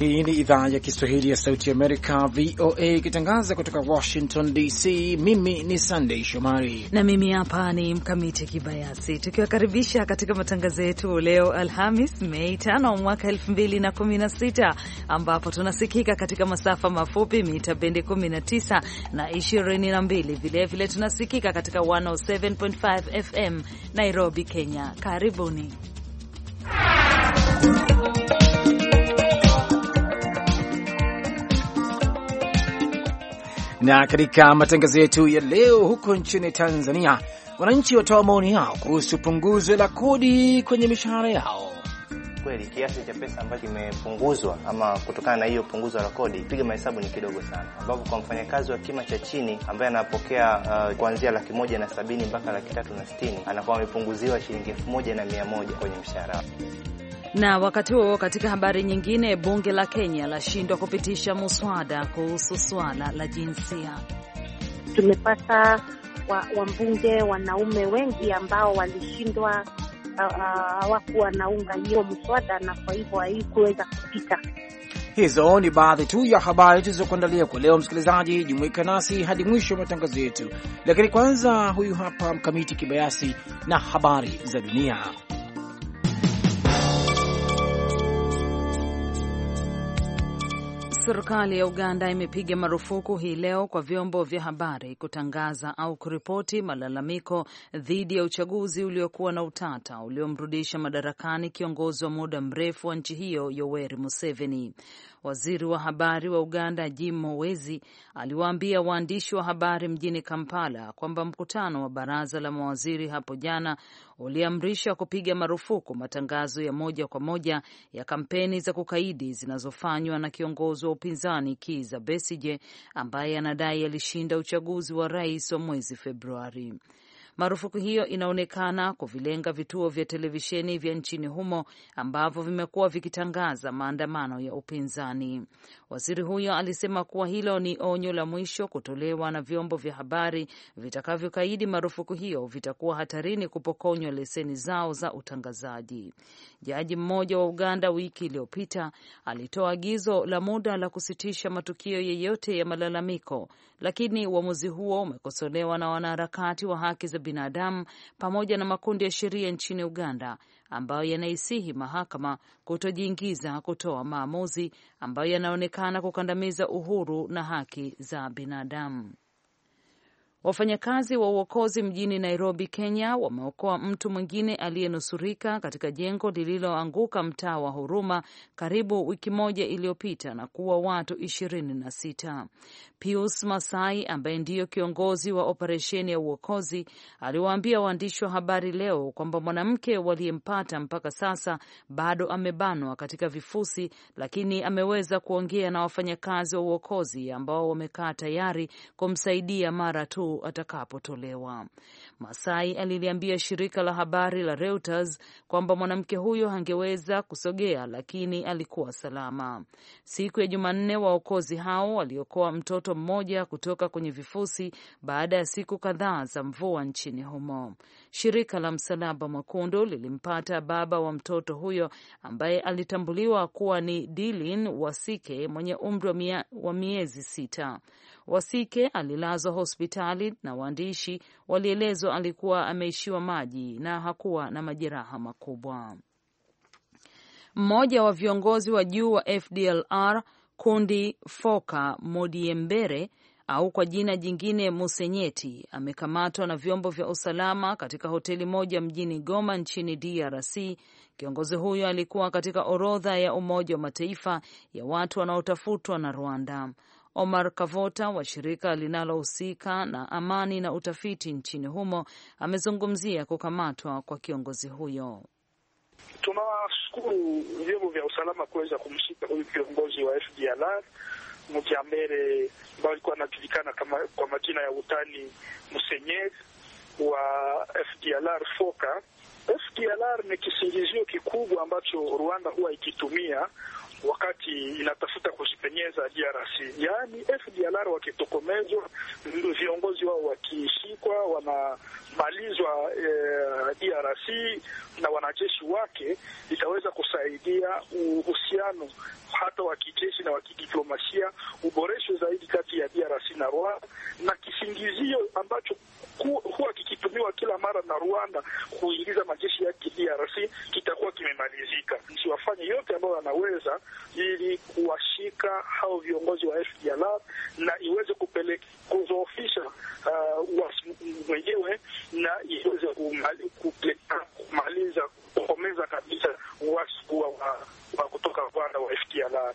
Hii ni idhaa ya Kiswahili ya Sauti Amerika, VOA, ikitangaza kutoka Washington DC. Mimi ni Sandei Shomari na mimi hapa ni Mkamiti Kibayasi, tukiwakaribisha katika matangazo yetu leo Alhamis Mei 5 mwaka 2016, ambapo tunasikika katika masafa mafupi mita bendi 19 na 22. Vilevile tunasikika katika 107.5 FM Nairobi, Kenya. Karibuni. Na katika matangazo yetu ya leo, huko nchini Tanzania, wananchi watoa maoni yao kuhusu punguzo la kodi kwenye mishahara yao. Kweli kiasi cha pesa ambacho kimepunguzwa ama kutokana na hiyo punguzo la kodi, piga mahesabu ni kidogo sana, ambapo kwa mfanyakazi wa kima cha chini ambaye anapokea uh, kuanzia laki moja na sabini mpaka laki tatu na sitini anakuwa amepunguziwa shilingi elfu moja na mia moja kwenye mshahara wake. Na wakati huo, katika habari nyingine, bunge la Kenya lashindwa kupitisha muswada kuhusu swala la jinsia. Tumepata wabunge wa wanaume wengi ambao walishindwa, hawakuwa wanaunga hiyo mswada, na kwa hivyo haikuweza kupita. Hizo ni baadhi tu ya habari tulizokuandalia kwa leo. Msikilizaji, jumuika nasi hadi mwisho wa matangazo yetu, lakini kwanza, huyu hapa Mkamiti Kibayasi na habari za dunia. Serikali ya Uganda imepiga marufuku hii leo kwa vyombo vya habari kutangaza au kuripoti malalamiko dhidi ya uchaguzi uliokuwa na utata uliomrudisha madarakani kiongozi wa muda mrefu wa nchi hiyo Yoweri Museveni. Waziri wa habari wa Uganda Jim Mowezi aliwaambia waandishi wa habari mjini Kampala kwamba mkutano wa baraza la mawaziri hapo jana uliamrisha kupiga marufuku matangazo ya moja kwa moja ya kampeni za kukaidi zinazofanywa na kiongozi wa upinzani Kizza Besigye ambaye anadai alishinda uchaguzi wa rais wa mwezi Februari. Marufuku hiyo inaonekana kuvilenga vituo vya televisheni vya nchini humo ambavyo vimekuwa vikitangaza maandamano ya upinzani. Waziri huyo alisema kuwa hilo ni onyo la mwisho kutolewa na vyombo vya habari vitakavyokaidi marufuku hiyo vitakuwa hatarini kupokonywa leseni zao za utangazaji. Jaji mmoja wa Uganda wiki iliyopita alitoa agizo la muda la kusitisha matukio yeyote ya malalamiko lakini uamuzi huo umekosolewa na wanaharakati wa haki za binadamu pamoja na makundi ya sheria nchini Uganda ambayo yanaisihi mahakama kutojiingiza kutoa maamuzi ambayo yanaonekana kukandamiza uhuru na haki za binadamu. Wafanyakazi wa uokozi mjini Nairobi, Kenya, wameokoa mtu mwingine aliyenusurika katika jengo lililoanguka mtaa wa Huruma karibu wiki moja iliyopita na kuwa watu ishirini na sita. Pius Masai ambaye ndiyo kiongozi wa operesheni ya uokozi aliwaambia waandishi wa habari leo kwamba mwanamke waliyempata mpaka sasa bado amebanwa katika vifusi, lakini ameweza kuongea na wafanyakazi wa uokozi ambao wamekaa tayari kumsaidia mara tu atakapotolewa. Masai aliliambia shirika la habari la Reuters kwamba mwanamke huyo angeweza kusogea, lakini alikuwa salama. Siku ya Jumanne, waokozi hao waliokoa mtoto mmoja kutoka kwenye vifusi baada ya siku kadhaa za mvua nchini humo. Shirika la Msalaba Mwekundu lilimpata baba wa mtoto huyo ambaye alitambuliwa kuwa ni Dilin Wasike mwenye umri wa miezi sita. Wasike alilazwa hospitali na waandishi walielezwa alikuwa ameishiwa maji na hakuwa na majeraha makubwa. Mmoja wa viongozi wa juu wa FDLR kundi Foka Modiembere au kwa jina jingine Musenyeti amekamatwa na vyombo vya usalama katika hoteli moja mjini Goma nchini DRC. Kiongozi huyo alikuwa katika orodha ya Umoja wa Mataifa ya watu wanaotafutwa na Rwanda. Omar Kavota wa shirika linalohusika na amani na utafiti nchini humo amezungumzia kukamatwa kwa kiongozi huyo. Tunawashukuru vyombo vya usalama kuweza kumshika huyu kiongozi wa FDLR Mujambere ambayo alikuwa anajulikana kwa majina ya utani msenyer wa FDLR Foka. FDLR ni kisingizio kikubwa ambacho Rwanda huwa ikitumia wakati inatafuta kujipenyeza DRC, yaani FDLR wakitokomezwa, viongozi wao wakishikwa, wanamalizwa eh, DRC na wanajeshi wake, itaweza kusaidia uhusiano hata wa kijeshi na wa kidiplomasia uboreshwe zaidi kati ya DRC na Rwanda, na kisingizio ambacho huwa kikitumiwa kila mara na Rwanda kuingiza majeshi yake DRC kitakuwa kimemalizika. Nchi wafanye yote ambayo wanaweza ili kuwashika hao viongozi wa FDLR na iweze kupeleka kuzoofisha uh, mwenyewe na iweze kumaliza kukomeza kabisa uasi wa, wa kutoka Rwanda wa FDLR.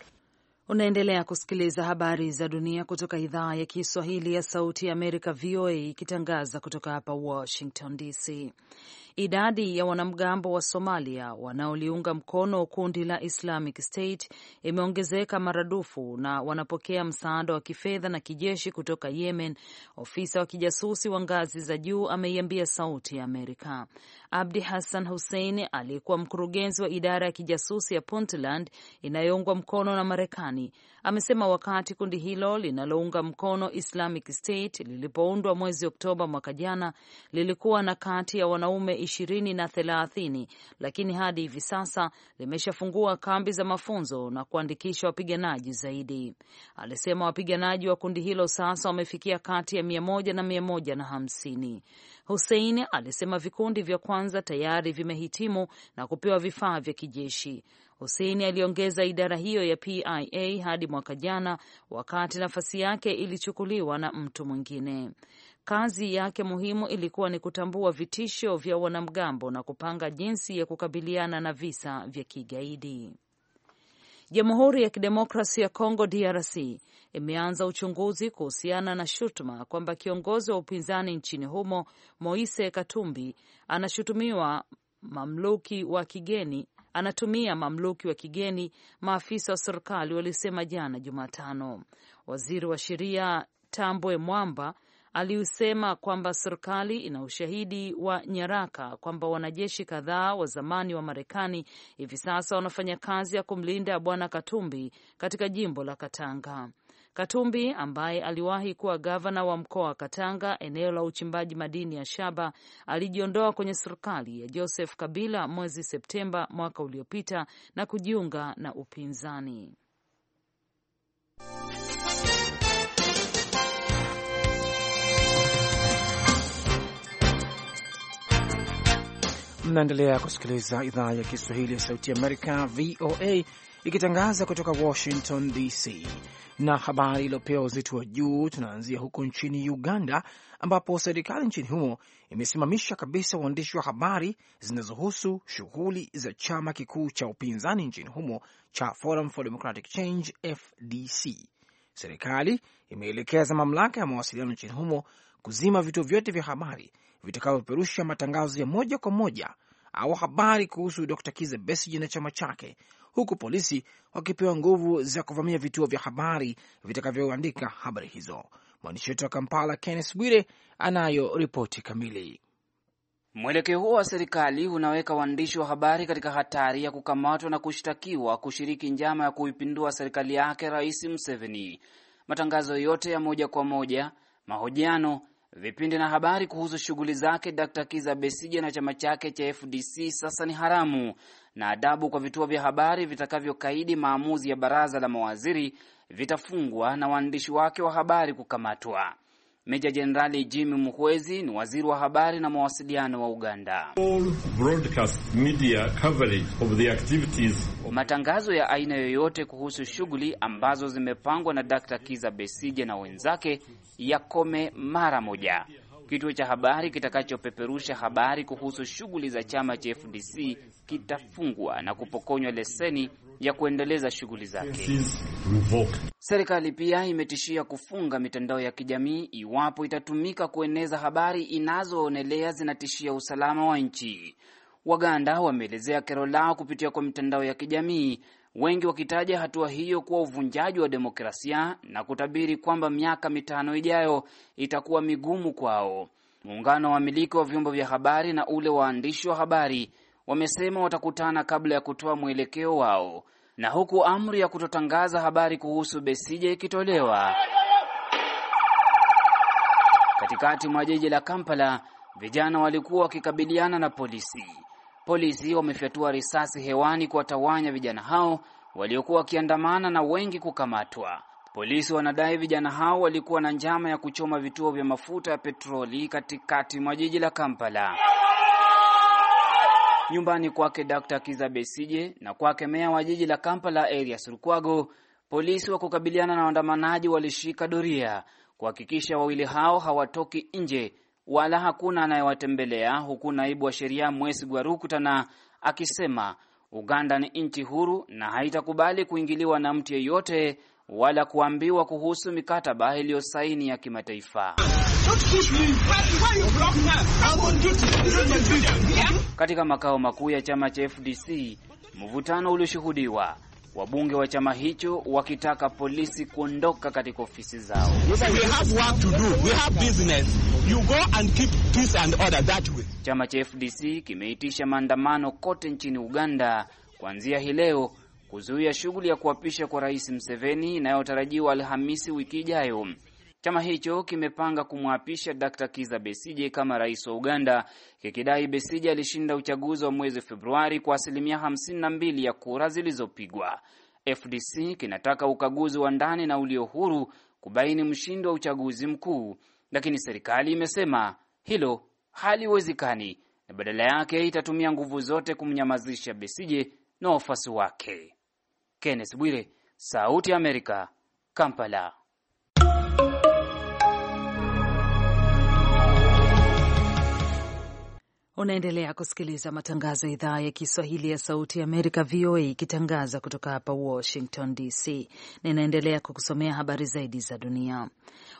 Unaendelea kusikiliza habari za dunia kutoka idhaa ya Kiswahili ya Sauti ya Amerika, VOA, ikitangaza kutoka hapa Washington DC. Idadi ya wanamgambo wa Somalia wanaoliunga mkono kundi la Islamic State imeongezeka maradufu na wanapokea msaada wa kifedha na kijeshi kutoka Yemen, ofisa wa kijasusi wa ngazi za juu ameiambia Sauti ya Amerika. Abdi Hassan Hussein aliyekuwa mkurugenzi wa idara ya kijasusi ya Puntland inayoungwa mkono na Marekani amesema wakati kundi hilo linalounga mkono Islamic State lilipoundwa mwezi Oktoba mwaka jana lilikuwa na kati ya wanaume ishirini na thelathini, lakini hadi hivi sasa limeshafungua kambi za mafunzo na kuandikisha wapiganaji zaidi. Alisema wapiganaji wa kundi hilo sasa wamefikia kati ya mia moja na mia moja na hamsini. Hussein alisema vikundi vya kwanza tayari vimehitimu na kupewa vifaa vya kijeshi. Hussein aliongeza idara hiyo ya PIA hadi mwaka jana, wakati nafasi yake ilichukuliwa na mtu mwingine. Kazi yake muhimu ilikuwa ni kutambua vitisho vya wanamgambo na kupanga jinsi ya kukabiliana na visa vya kigaidi. Jamhuri ya Kidemokrasi ya Kongo DRC imeanza uchunguzi kuhusiana na shutuma kwamba kiongozi wa upinzani nchini humo Moise Katumbi anashutumiwa mamluki wa kigeni anatumia mamluki wa kigeni, maafisa wa serikali walisema jana Jumatano. Waziri wa sheria Tambwe Mwamba aliusema kwamba serikali ina ushahidi wa nyaraka kwamba wanajeshi kadhaa wa zamani wa Marekani hivi sasa wanafanya kazi ya kumlinda Bwana Katumbi katika jimbo la Katanga. Katumbi ambaye aliwahi kuwa gavana wa mkoa wa Katanga, eneo la uchimbaji madini ya shaba, alijiondoa kwenye serikali ya Joseph Kabila mwezi Septemba mwaka uliopita na kujiunga na upinzani. Mnaendelea kusikiliza idhaa ya Kiswahili ya Sauti Amerika, VOA, ikitangaza kutoka Washington DC. Na habari iliyopewa uzito wa juu, tunaanzia huko nchini Uganda, ambapo serikali nchini humo imesimamisha kabisa uandishi wa habari zinazohusu shughuli za chama kikuu cha upinzani nchini humo cha Forum for Democratic Change, FDC. Serikali imeelekeza mamlaka ya mawasiliano nchini humo kuzima vituo vyote vya habari vitakavyopeperusha matangazo ya moja kwa moja au habari kuhusu Dr Kize Besige na chama chake, huku polisi wakipewa nguvu za kuvamia vituo vya habari vitakavyoandika habari hizo. Mwandishi wetu wa Kampala, Kenneth Bwire, anayo ripoti kamili. Mwelekeo huo wa serikali unaweka waandishi wa habari katika hatari ya kukamatwa na kushtakiwa kushiriki njama ya kuipindua serikali yake Rais Museveni. Matangazo yote ya moja kwa moja, mahojiano vipindi na habari kuhusu shughuli zake Dr. Kiza Besije na chama chake cha FDC sasa ni haramu na adabu kwa vituo vya habari vitakavyokaidi maamuzi ya baraza la mawaziri vitafungwa na waandishi wake wa habari kukamatwa. Meja Jenerali Jim Muhwezi ni waziri wa habari na mawasiliano wa Uganda. All broadcast media coverage of the activities. Matangazo ya aina yoyote kuhusu shughuli ambazo zimepangwa na Dr. Kiza Besije na wenzake yakome mara moja. Kituo cha habari kitakachopeperusha habari kuhusu shughuli za chama cha FDC kitafungwa na kupokonywa leseni ya kuendeleza shughuli zake. Serikali pia imetishia kufunga mitandao ya kijamii iwapo itatumika kueneza habari inazoonelea zinatishia usalama wa nchi. Waganda wameelezea kero lao kupitia kwa mitandao ya kijamii wengi wakitaja hatua hiyo kuwa uvunjaji wa demokrasia na kutabiri kwamba miaka mitano ijayo itakuwa migumu kwao. Muungano wa wamiliki wa vyombo vya habari na ule waandishi wa habari wamesema watakutana kabla ya kutoa mwelekeo wao, na huku amri ya kutotangaza habari kuhusu Besije ikitolewa katikati mwa jiji la Kampala, vijana walikuwa wakikabiliana na polisi polisi wamefyatua risasi hewani kuwatawanya vijana hao waliokuwa wakiandamana na wengi kukamatwa. Polisi wanadai vijana hao walikuwa na njama ya kuchoma vituo vya mafuta ya petroli katikati mwa jiji la Kampala. Nyumbani kwake Dr. Kiza Besije na kwake meya wa jiji la Kampala erias Lukwago, polisi wa kukabiliana na waandamanaji walishika doria kuhakikisha wawili hao hawatoki nje wala hakuna anayewatembelea, huku naibu wa sheria mwesi Rukutana akisema Uganda ni nchi huru na haitakubali kuingiliwa na mtu yeyote wala kuambiwa kuhusu mikataba iliyosaini ya kimataifa. Katika makao makuu ya chama cha FDC mvutano ulioshuhudiwa wabunge wa chama hicho wakitaka polisi kuondoka katika ofisi zao. Chama cha FDC kimeitisha maandamano kote nchini Uganda kuanzia hii leo kuzuia shughuli ya kuapisha kwa Rais mseveni inayotarajiwa Alhamisi wiki ijayo. Chama hicho kimepanga kumwapisha d Kiza Besije kama rais wa Uganda, kikidai Besije alishinda uchaguzi wa mwezi Februari kwa asilimia 52 ya kura zilizopigwa. FDC kinataka ukaguzi wa ndani na ulio huru kubaini mshindi wa uchaguzi mkuu, lakini serikali imesema hilo haliwezekani na badala yake itatumia nguvu zote kumnyamazisha Besije na wafuasi wake. Kenneth Bwire, Sauti ya Amerika, Kampala. Unaendelea kusikiliza matangazo ya idhaa ya Kiswahili ya Sauti ya Amerika, VOA, ikitangaza kutoka hapa Washington DC. Ninaendelea kukusomea habari zaidi za dunia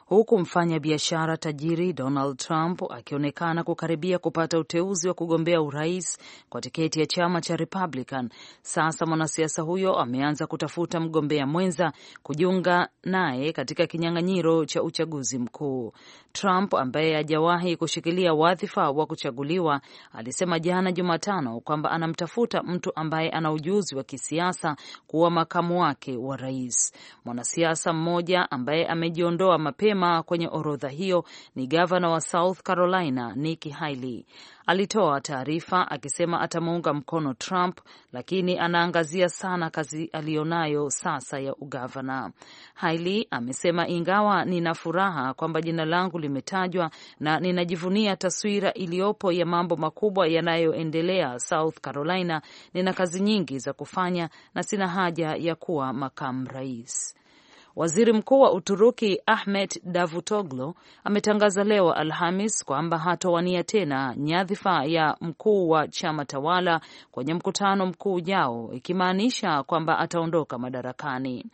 huku mfanya biashara tajiri Donald Trump akionekana kukaribia kupata uteuzi wa kugombea urais kwa tiketi ya chama cha Republican. Sasa mwanasiasa huyo ameanza kutafuta mgombea mwenza kujiunga naye katika kinyang'anyiro cha uchaguzi mkuu. Trump ambaye hajawahi kushikilia wadhifa wa kuchaguliwa alisema jana Jumatano kwamba anamtafuta mtu ambaye ana ujuzi wa kisiasa kuwa makamu wake wa rais. Mwanasiasa mmoja ambaye amejiondoa mapema mapema kwenye orodha hiyo ni gavana wa South Carolina Nikki Haley. Alitoa taarifa akisema atamuunga mkono Trump, lakini anaangazia sana kazi aliyonayo sasa ya ugavana. Haley amesema, ingawa nina furaha kwamba jina langu limetajwa na ninajivunia taswira iliyopo ya mambo makubwa yanayoendelea South Carolina, nina kazi nyingi za kufanya na sina haja ya kuwa makamu rais. Waziri Mkuu wa Uturuki Ahmet Davutoglu ametangaza leo Alhamis kwamba hatowania tena nyadhifa ya mkuu wa chama tawala kwenye mkutano mkuu ujao, ikimaanisha kwamba ataondoka madarakani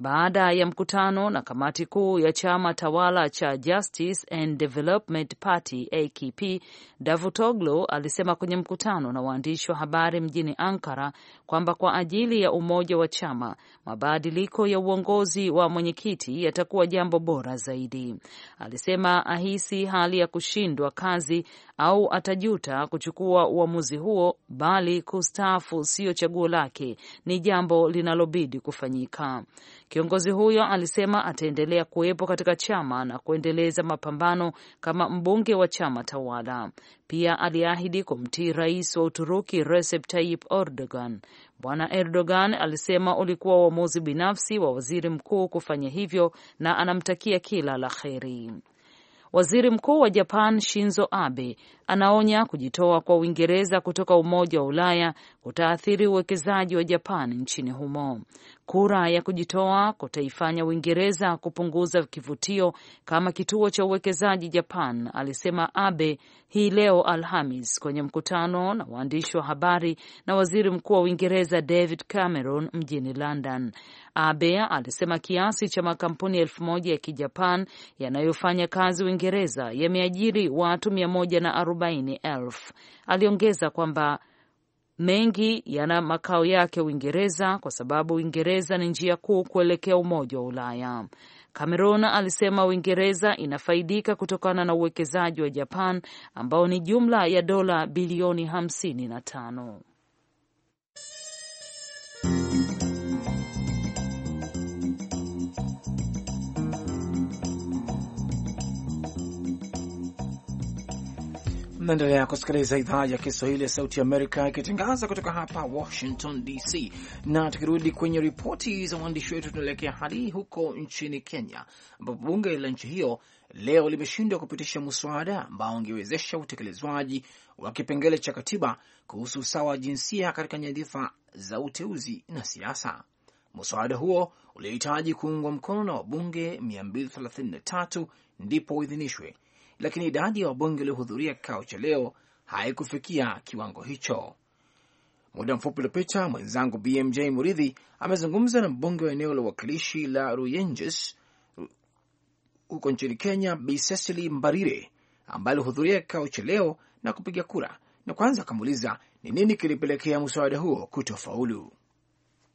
baada ya mkutano na kamati kuu ya chama tawala cha Justice and Development Party AKP, Davutoglu alisema kwenye mkutano na waandishi wa habari mjini Ankara kwamba kwa ajili ya umoja wa chama, mabadiliko ya uongozi wa mwenyekiti yatakuwa jambo bora zaidi. Alisema ahisi hali ya kushindwa kazi au atajuta kuchukua uamuzi huo, bali kustaafu siyo chaguo lake, ni jambo linalobidi kufanyika. Kiongozi huyo alisema ataendelea kuwepo katika chama na kuendeleza mapambano kama mbunge wa chama tawala. Pia aliahidi kumtii rais wa Uturuki Recep Tayyip Erdogan. Bwana Erdogan alisema ulikuwa uamuzi binafsi wa waziri mkuu kufanya hivyo na anamtakia kila la heri. Waziri Mkuu wa Japan Shinzo Abe anaonya kujitoa kwa Uingereza kutoka Umoja wa Ulaya kutaathiri uwekezaji wa Japan nchini humo. Kura ya kujitoa kutaifanya Uingereza kupunguza kivutio kama kituo cha uwekezaji Japan, alisema Abe hii leo Alhamis kwenye mkutano na waandishi wa habari na waziri mkuu wa Uingereza David Cameron mjini London. Abe alisema kiasi cha makampuni elfu moja ya kijapan yanayofanya kazi Uingereza yameajiri watu mia moja na arobaini elfu. Aliongeza kwamba mengi yana makao yake Uingereza kwa sababu Uingereza ni njia kuu kuelekea Umoja wa Ulaya. Cameron alisema Uingereza inafaidika kutokana na uwekezaji wa Japan ambao ni jumla ya dola bilioni hamsini na tano. Naendelea kusikiliza idhaa ya Kiswahili ya Sauti Amerika ikitangaza kutoka hapa Washington DC. Na tukirudi kwenye ripoti za waandishi wetu, tunaelekea hadi huko nchini Kenya, ambapo bunge la nchi hiyo leo limeshindwa kupitisha mswada ambao ungewezesha utekelezwaji wa kipengele cha katiba kuhusu usawa wa jinsia katika nyadhifa za uteuzi na siasa. Mswada huo ulihitaji kuungwa mkono na wabunge 233 ndipo uidhinishwe lakini idadi ya wabunge waliohudhuria kikao cha leo haikufikia kiwango hicho. Muda mfupi uliopita, mwenzangu BMJ Muridhi amezungumza na mbunge wa eneo la uwakilishi la Ruyenges huko nchini Kenya, Bi Cecily Mbarire ambaye alihudhuria kikao cha leo na kupiga kura, na kwanza akamuuliza ni nini kilipelekea mswada huo kutofaulu.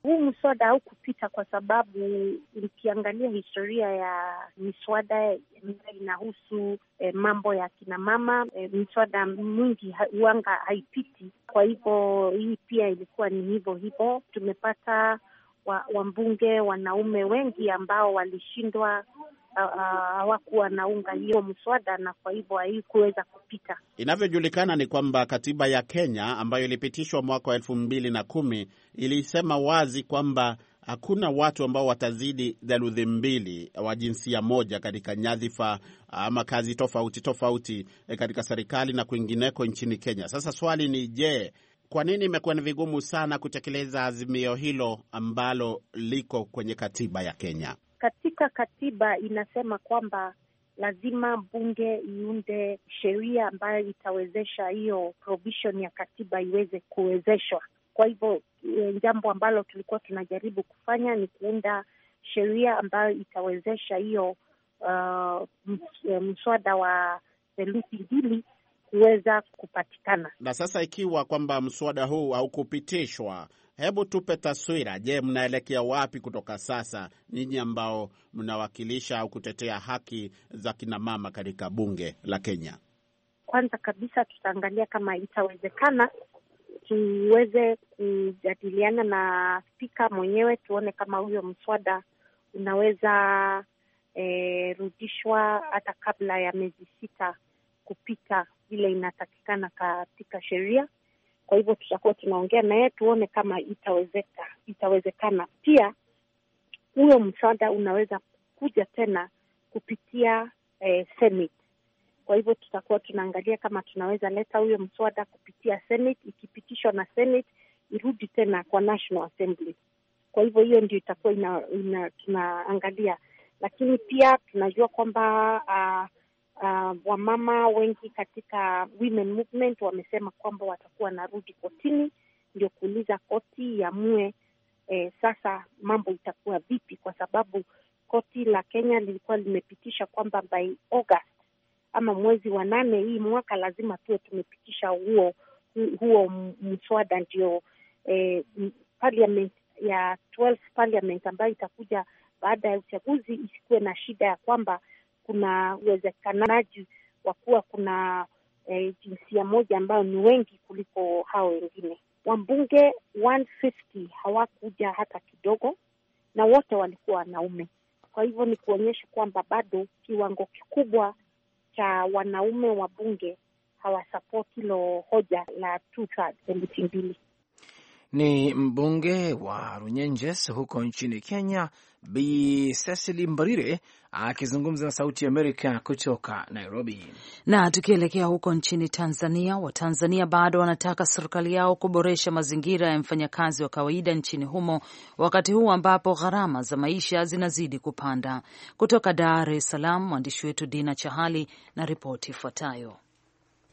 Huu mswada haukupita kwa sababu ukiangalia historia ya miswada ambayo inahusu eh, mambo ya kinamama eh, miswada mwingi huanga haipiti. Kwa hivyo hii pia ilikuwa ni hivyo hivyo. Tumepata wambunge wa wanaume wengi ambao walishindwa hawakuwa naunga hiyo mswada, na kwa hivyo haikuweza kupita. Inavyojulikana ni kwamba katiba ya Kenya ambayo ilipitishwa mwaka wa elfu mbili na kumi ilisema wazi kwamba hakuna watu ambao watazidi theluthi mbili wa jinsia moja katika nyadhifa ama kazi tofauti tofauti e, katika serikali na kwingineko nchini Kenya. Sasa swali ni je, kwa nini imekuwa ni vigumu sana kutekeleza azimio hilo ambalo liko kwenye katiba ya Kenya? katika katiba inasema kwamba lazima bunge iunde sheria ambayo itawezesha hiyo provision ya katiba iweze kuwezeshwa. Kwa hivyo eh, jambo ambalo tulikuwa tunajaribu kufanya ni kuunda sheria ambayo itawezesha hiyo uh, eh, mswada wa theluthi mbili kuweza kupatikana. Na sasa ikiwa kwamba mswada huu haukupitishwa Hebu tupe taswira. Je, mnaelekea wapi kutoka sasa, nyinyi ambao mnawakilisha au kutetea haki za kinamama katika bunge la Kenya? Kwanza kabisa tutaangalia kama itawezekana tuweze kujadiliana na spika mwenyewe, tuone kama huyo mswada unaweza e, rudishwa hata kabla ya miezi sita kupita vile inatakikana katika sheria. Kwa hivyo tutakuwa tunaongea na yeye tuone kama itawezeka, itawezekana. Pia huyo mswada unaweza kuja tena kupitia eh, Senate. Kwa hivyo tutakuwa tunaangalia kama tunaweza leta huyo mswada kupitia Senate, ikipitishwa na Senate irudi tena kwa National Assembly. Kwa hivyo hiyo ndio itakuwa ina, ina, tunaangalia, lakini pia tunajua kwamba uh, uh, wamama wengi katika women movement wamesema kwamba watakuwa narudi kotini ndio kuuliza koti iamue eh, sasa mambo itakuwa vipi, kwa sababu koti la Kenya lilikuwa limepitisha kwamba by August ama mwezi wa nane hii mwaka lazima tuwe tumepitisha huo huo mswada ndio eh, parliament ya 12 parliament ambayo itakuja baada ya uchaguzi isikuwe na shida ya kwamba kuna uwezekanaji wa kuwa kuna e, jinsia moja ambayo ni wengi kuliko hao wengine. Wambunge 150 hawakuja hata kidogo, na wote walikuwa wanaume. Kwa hivyo ni kuonyesha kwamba bado kiwango kikubwa cha wanaume wa bunge hawasapoti hilo hoja la theluthi mbili ni mbunge wa Runyenjes huko nchini Kenya, Bi Cecily Mbarire akizungumza na Sauti ya Amerika kutoka Nairobi. Na tukielekea huko nchini Tanzania, Watanzania bado wanataka serikali yao kuboresha mazingira ya mfanyakazi wa kawaida nchini humo, wakati huu ambapo gharama za maisha zinazidi kupanda. Kutoka Dar es Salaam, mwandishi wetu Dina Chahali na ripoti ifuatayo.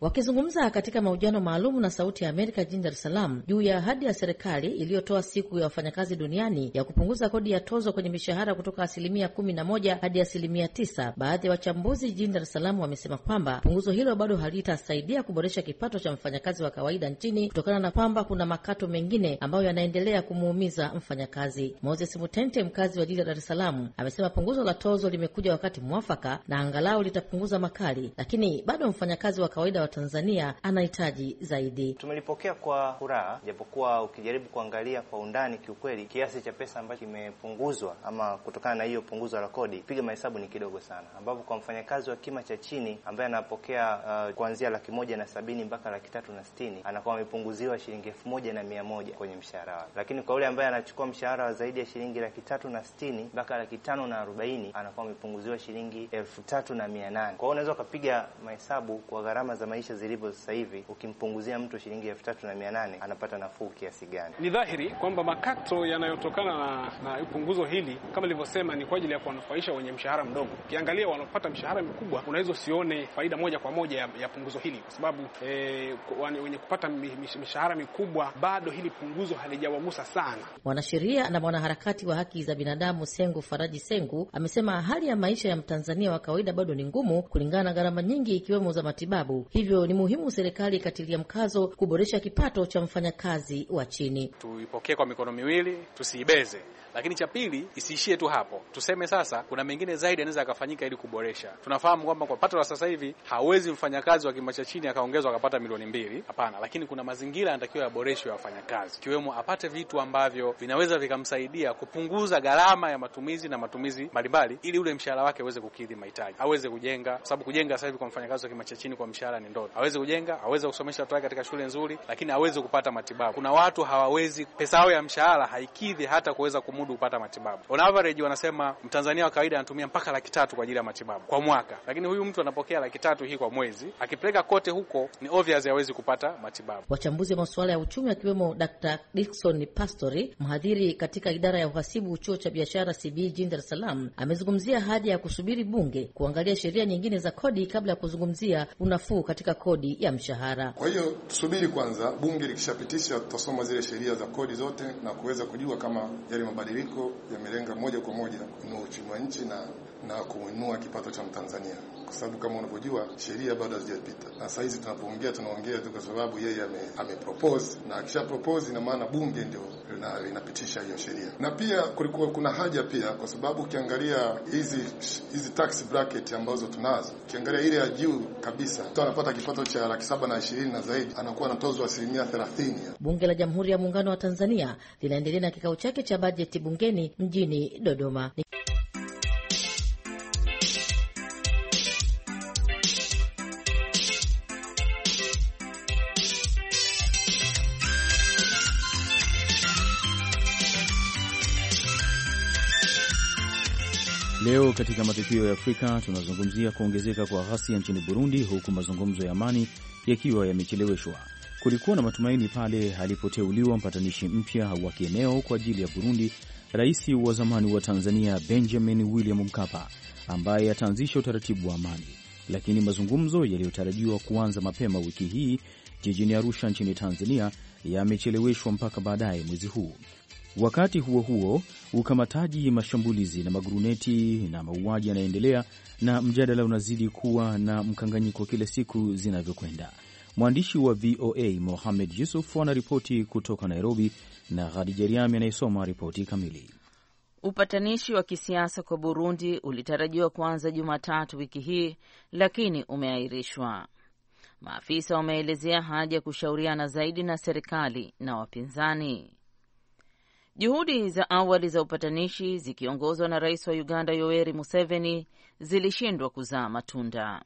Wakizungumza katika mahojiano maalum na Sauti ya Amerika jijini Dar es Salaam juu ya ahadi ya serikali iliyotoa siku ya wafanyakazi duniani ya kupunguza kodi ya tozo kwenye mishahara kutoka asilimia kumi na moja hadi asilimia tisa, baadhi ya wachambuzi jijini Dar es Salaam wamesema kwamba punguzo hilo bado halitasaidia kuboresha kipato cha mfanyakazi wa kawaida nchini kutokana na kwamba kuna makato mengine ambayo yanaendelea kumuumiza mfanyakazi. Moses Mutente, mkazi wa jiji la Dar es Salaam, amesema punguzo la tozo limekuja wakati mwafaka na angalau litapunguza makali, lakini bado mfanyakazi wa kawaida wa Tanzania anahitaji zaidi. Tumelipokea kwa furaha, japokuwa ukijaribu kuangalia kwa undani, kiukweli kiasi cha pesa ambacho kimepunguzwa ama kutokana na hiyo punguzo la kodi, piga mahesabu ni kidogo sana, ambapo kwa mfanyakazi wa kima cha chini ambaye anapokea uh, kuanzia laki moja na sabini mpaka laki tatu na sitini anakuwa amepunguziwa shilingi elfu moja na mia moja kwenye mshahara wake, lakini kwa yule ambaye anachukua mshahara wa zaidi ya shilingi laki tatu na sitini mpaka laki tano na arobaini anakuwa amepunguziwa shilingi elfu tatu na mia nane Kwa hiyo unaweza ukapiga mahesabu kwa gharama za maisha maisha zilivyo sasa hivi, ukimpunguzia mtu shilingi elfu tatu na mia nane anapata nafuu kiasi gani? Ni dhahiri kwamba makato yanayotokana na, na punguzo hili kama nilivyosema, ni kwa ajili ya kuwanufaisha wenye mshahara mdogo. Ukiangalia wanaopata mshahara mkubwa, unaweza usione faida moja kwa moja ya, ya punguzo hili kwa sababu eh, wenye kupata mishahara mikubwa bado hili punguzo halijawagusa sana. Mwanasheria na mwanaharakati wa haki za binadamu Sengu Faraji Sengu amesema hali ya maisha ya Mtanzania wa kawaida bado ni ngumu kulingana na gharama nyingi ikiwemo za matibabu hivyo ni muhimu serikali ikatilia mkazo kuboresha kipato cha mfanyakazi wa chini. Tuipokee kwa mikono miwili, tusiibeze. Lakini cha pili, isiishie tu hapo, tuseme sasa kuna mengine zaidi yanaweza akafanyika ili kuboresha. Tunafahamu kwamba kwa pato la sasa hivi hawezi mfanyakazi wa kima cha chini akaongezwa akapata milioni mbili, hapana. Lakini kuna mazingira yanatakiwa yaboreshwe ya wafanyakazi, ikiwemo apate vitu ambavyo vinaweza vikamsaidia kupunguza gharama ya matumizi na matumizi mbalimbali, ili ule mshahara wake aweze kukidhi mahitaji, aweze kujenga, kwa sababu kujenga sasa hivi kwa mfanyakazi wa kima cha chini kwa mshahara ni ndoto. Aweze kujenga, aweze kusomesha watoto wake katika shule nzuri, lakini aweze kupata matibabu. Kuna watu hawawezi, pesa yao ya mshahara haikidhi hata kuweza kumu kumudu kupata matibabu. On average wanasema Mtanzania wa kawaida anatumia mpaka laki tatu kwa ajili ya matibabu kwa mwaka, lakini huyu mtu anapokea laki tatu hii kwa mwezi, akipeleka kote huko ni obvious hawezi kupata matibabu. Wachambuzi wa masuala ya uchumi akiwemo Dr. Dickson Pastori, mhadhiri katika idara ya uhasibu chuo cha biashara CB jijini Dar es Salaam, amezungumzia haja ya kusubiri bunge kuangalia sheria nyingine za kodi kabla ya kuzungumzia unafuu katika kodi ya mshahara. Kwa hiyo tusubiri kwanza bunge likishapitisha, tutasoma zile sheria za kodi zote na kuweza kujua kama yale mabadiliko mabadiliko yamelenga moja kwa moja kwenye uchumi wa nchi na na kuinua kipato cha Mtanzania, kwa sababu kama unavyojua sheria bado hazijapita, na saa hizi tunapoongea tunaongea tu kwa sababu yeye ame, ame propose, na akisha propose ina maana bunge ndio inapitisha hiyo sheria. Na pia kulikuwa kuna haja pia, kwa sababu ukiangalia hizi hizi tax bracket ambazo tunazo, ukiangalia ile ya juu kabisa, mtu anapata kipato cha laki saba na ishirini na zaidi anakuwa anatozwa asilimia thelathini. Bunge la Jamhuri ya Muungano wa Tanzania linaendelea na kikao chake cha bajeti bungeni mjini Dodoma. Leo katika matukio ya Afrika tunazungumzia kuongezeka kwa ghasia nchini Burundi, huku mazungumzo ya amani yakiwa yamecheleweshwa. Kulikuwa na matumaini pale alipoteuliwa mpatanishi mpya wa kieneo kwa ajili ya Burundi, rais wa zamani wa Tanzania Benjamin William Mkapa, ambaye ataanzisha utaratibu wa amani, lakini mazungumzo yaliyotarajiwa kuanza mapema wiki hii jijini Arusha nchini Tanzania yamecheleweshwa mpaka baadaye mwezi huu. Wakati huo huo, ukamataji, mashambulizi na maguruneti na mauaji yanaendelea na mjadala unazidi kuwa na mkanganyiko kila siku zinavyokwenda. Mwandishi wa VOA Mohamed Yusuf anaripoti kutoka Nairobi na Khadija Riami anayesoma ripoti kamili. Upatanishi wa kisiasa kwa Burundi ulitarajiwa kuanza Jumatatu wiki hii lakini umeahirishwa. Maafisa wameelezea haja ya kushauriana zaidi na serikali na wapinzani. Juhudi za awali za upatanishi zikiongozwa na rais wa Uganda Yoweri Museveni zilishindwa kuzaa matunda.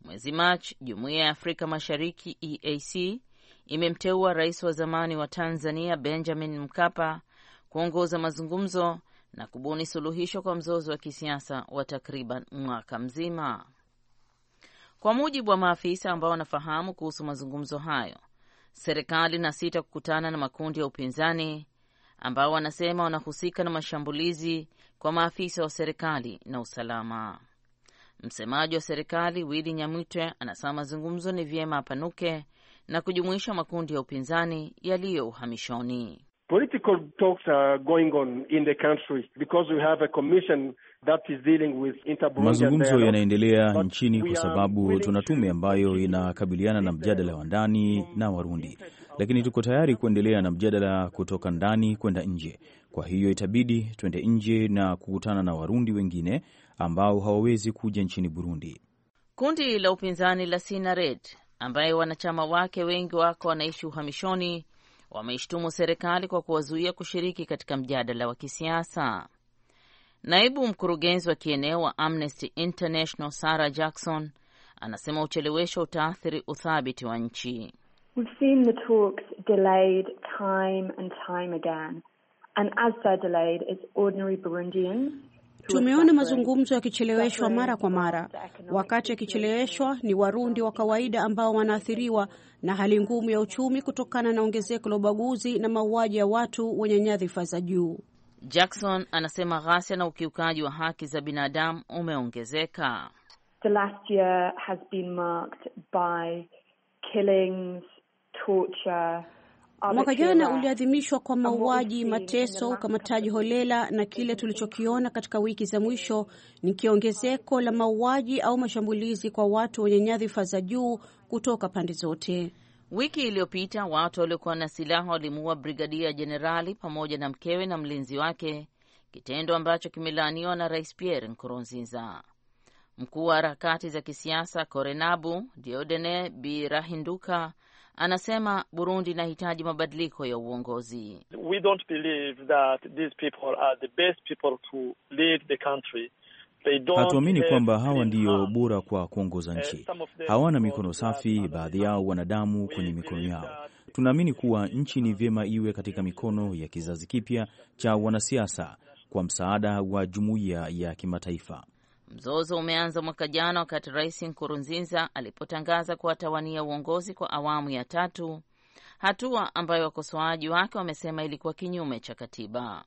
Mwezi Machi, jumuiya ya Afrika Mashariki EAC imemteua rais wa zamani wa Tanzania Benjamin Mkapa kuongoza mazungumzo na kubuni suluhisho kwa mzozo wa kisiasa wa takriban mwaka mzima. Kwa mujibu wa maafisa ambao wanafahamu kuhusu mazungumzo hayo, serikali na sita kukutana na makundi ya upinzani ambao wanasema wanahusika na mashambulizi kwa maafisa wa serikali na usalama. Msemaji wa serikali Willy Nyamwitwe anasema mazungumzo ni vyema apanuke na kujumuisha makundi ya upinzani yaliyo uhamishoni. Political talks are going on in the country because we have a commission that is dealing with inter-Burundian. Mazungumzo yanaendelea nchini kwa sababu tuna tume ambayo inakabiliana na mjadala wa ndani na Warundi, lakini tuko tayari kuendelea na mjadala kutoka ndani kwenda nje. Kwa hiyo itabidi twende nje na kukutana na Warundi wengine ambao hawawezi kuja nchini Burundi. Kundi la upinzani la Sinared ambaye wanachama wake wengi wako wanaishi uhamishoni wameishtumu serikali kwa kuwazuia kushiriki katika mjadala wa kisiasa. Naibu mkurugenzi wa kieneo wa Amnesty International Sarah Jackson anasema uchelewesho utaathiri uthabiti wa nchi. time time Tumeona mazungumzo yakicheleweshwa mara kwa mara. Wakati yakicheleweshwa, ni Warundi wa kawaida ambao wanaathiriwa na hali ngumu ya uchumi kutokana na ongezeko la ubaguzi na mauaji ya watu wenye nyadhifa za juu. Jackson anasema ghasia na ukiukaji wa haki za binadamu umeongezeka. The last year has been marked by killings, torture Mwaka jana uliadhimishwa kwa mauaji, mateso, ukamataji holela na kile tulichokiona katika wiki za mwisho ni kiongezeko la mauaji au mashambulizi kwa watu wenye nyadhifa za juu kutoka pande zote. Wiki iliyopita watu waliokuwa na silaha walimuua brigadia jenerali pamoja na mkewe na mlinzi wake, kitendo ambacho kimelaaniwa na Rais Pierre Nkurunziza. Mkuu wa harakati za kisiasa Korenabu Diodene Birahinduka Anasema Burundi inahitaji mabadiliko ya uongozi. We don't believe that these people are the best people to lead the country. Hatuamini kwamba hawa ndiyo bora kwa kuongoza nchi. Hawana mikono safi, baadhi yao wana damu kwenye mikono yao. Tunaamini kuwa nchi ni vyema iwe katika mikono ya kizazi kipya cha wanasiasa kwa msaada wa jumuiya ya kimataifa. Mzozo umeanza mwaka jana wakati Rais Nkurunziza alipotangaza kuwatawania uongozi kwa awamu ya tatu, hatua ambayo wakosoaji wake wamesema ilikuwa kinyume cha katiba.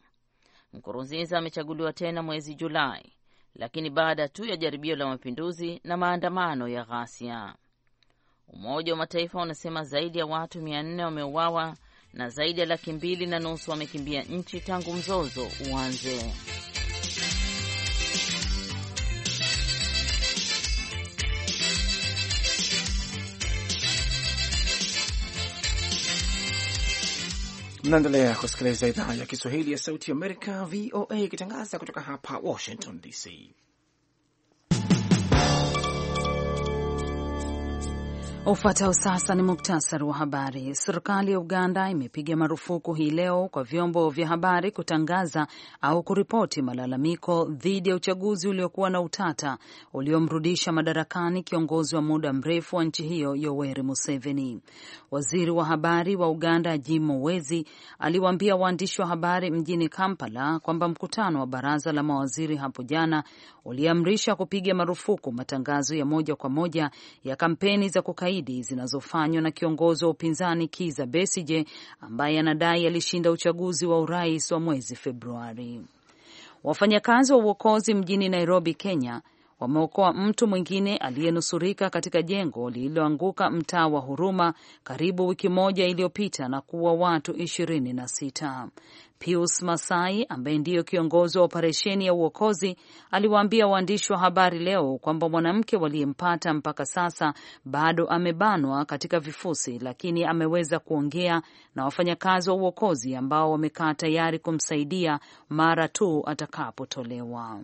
Nkurunziza amechaguliwa tena mwezi Julai, lakini baada tu ya jaribio la mapinduzi na maandamano ya ghasia. Umoja wa Mataifa unasema zaidi ya watu mia nne wameuawa na zaidi ya laki mbili na nusu wamekimbia nchi tangu mzozo uanze. Mnaendelea kusikiliza idhaa ya Kiswahili ya Sauti ya Amerika, VOA, ikitangaza kutoka hapa Washington DC. Ufuatao sasa ni muktasari wa habari. Serikali ya Uganda imepiga marufuku hii leo kwa vyombo vya habari kutangaza au kuripoti malalamiko dhidi ya uchaguzi uliokuwa na utata uliomrudisha madarakani kiongozi wa muda mrefu wa nchi hiyo Yoweri Museveni. Waziri wa habari wa Uganda Jim Muhwezi aliwaambia waandishi wa habari mjini Kampala kwamba mkutano wa baraza la mawaziri hapo jana uliamrisha kupiga marufuku matangazo ya moja kwa moja ya kampeni za kukai zaidi zinazofanywa na kiongozi wa upinzani Kiza Besije ambaye anadai alishinda uchaguzi wa urais wa mwezi Februari. Wafanyakazi wa uokozi mjini Nairobi, Kenya wameokoa mtu mwingine aliyenusurika katika jengo lililoanguka mtaa wa Huruma karibu wiki moja iliyopita na kuua watu ishirini na sita. Pius Masai ambaye ndiyo kiongozi wa operesheni ya uokozi aliwaambia waandishi wa habari leo kwamba mwanamke waliyempata mpaka sasa bado amebanwa katika vifusi, lakini ameweza kuongea na wafanyakazi wa uokozi ambao wamekaa tayari kumsaidia mara tu atakapotolewa.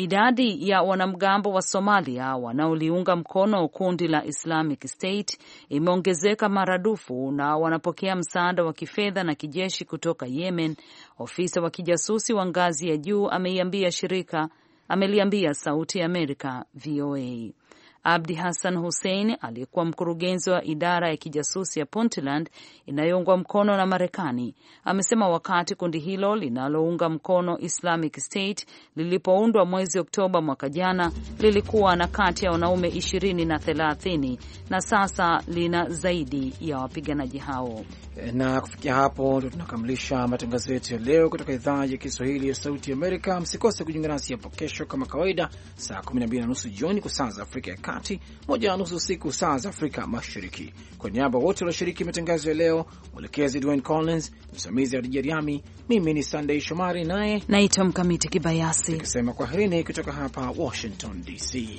Idadi ya wanamgambo wa Somalia wanaoliunga mkono kundi la Islamic State imeongezeka maradufu na wanapokea msaada wa kifedha na kijeshi kutoka Yemen, ofisa wa kijasusi wa ngazi ya juu ameiambia shirika ameliambia Sauti ya Amerika VOA. Abdi Hassan Hussein aliyekuwa mkurugenzi wa idara ya kijasusi ya Puntland inayoungwa mkono na Marekani amesema wakati kundi hilo linalounga mkono Islamic State lilipoundwa mwezi Oktoba mwaka jana lilikuwa na kati ya wanaume ishirini na thelathini na sasa lina zaidi ya wapiganaji hao na kufikia hapo ndio tunakamilisha matangazo yetu ya leo kutoka idhaa ya Kiswahili ya Sauti Amerika. Msikose kujiunga nasi hapo kesho kama kawaida, saa 12 na nusu jioni kwa saa za Afrika ya Kati, moja na nusu usiku saa za Afrika Mashariki. Kwa niaba wote walioshiriki matangazo ya leo, mwelekezi Dwayne Collins, msimamizi Adija Riami, mimi ni Sandei Shomari naye naitwa Mkamiti Kibayasi, tukisema kwaherini kutoka hapa Washington DC.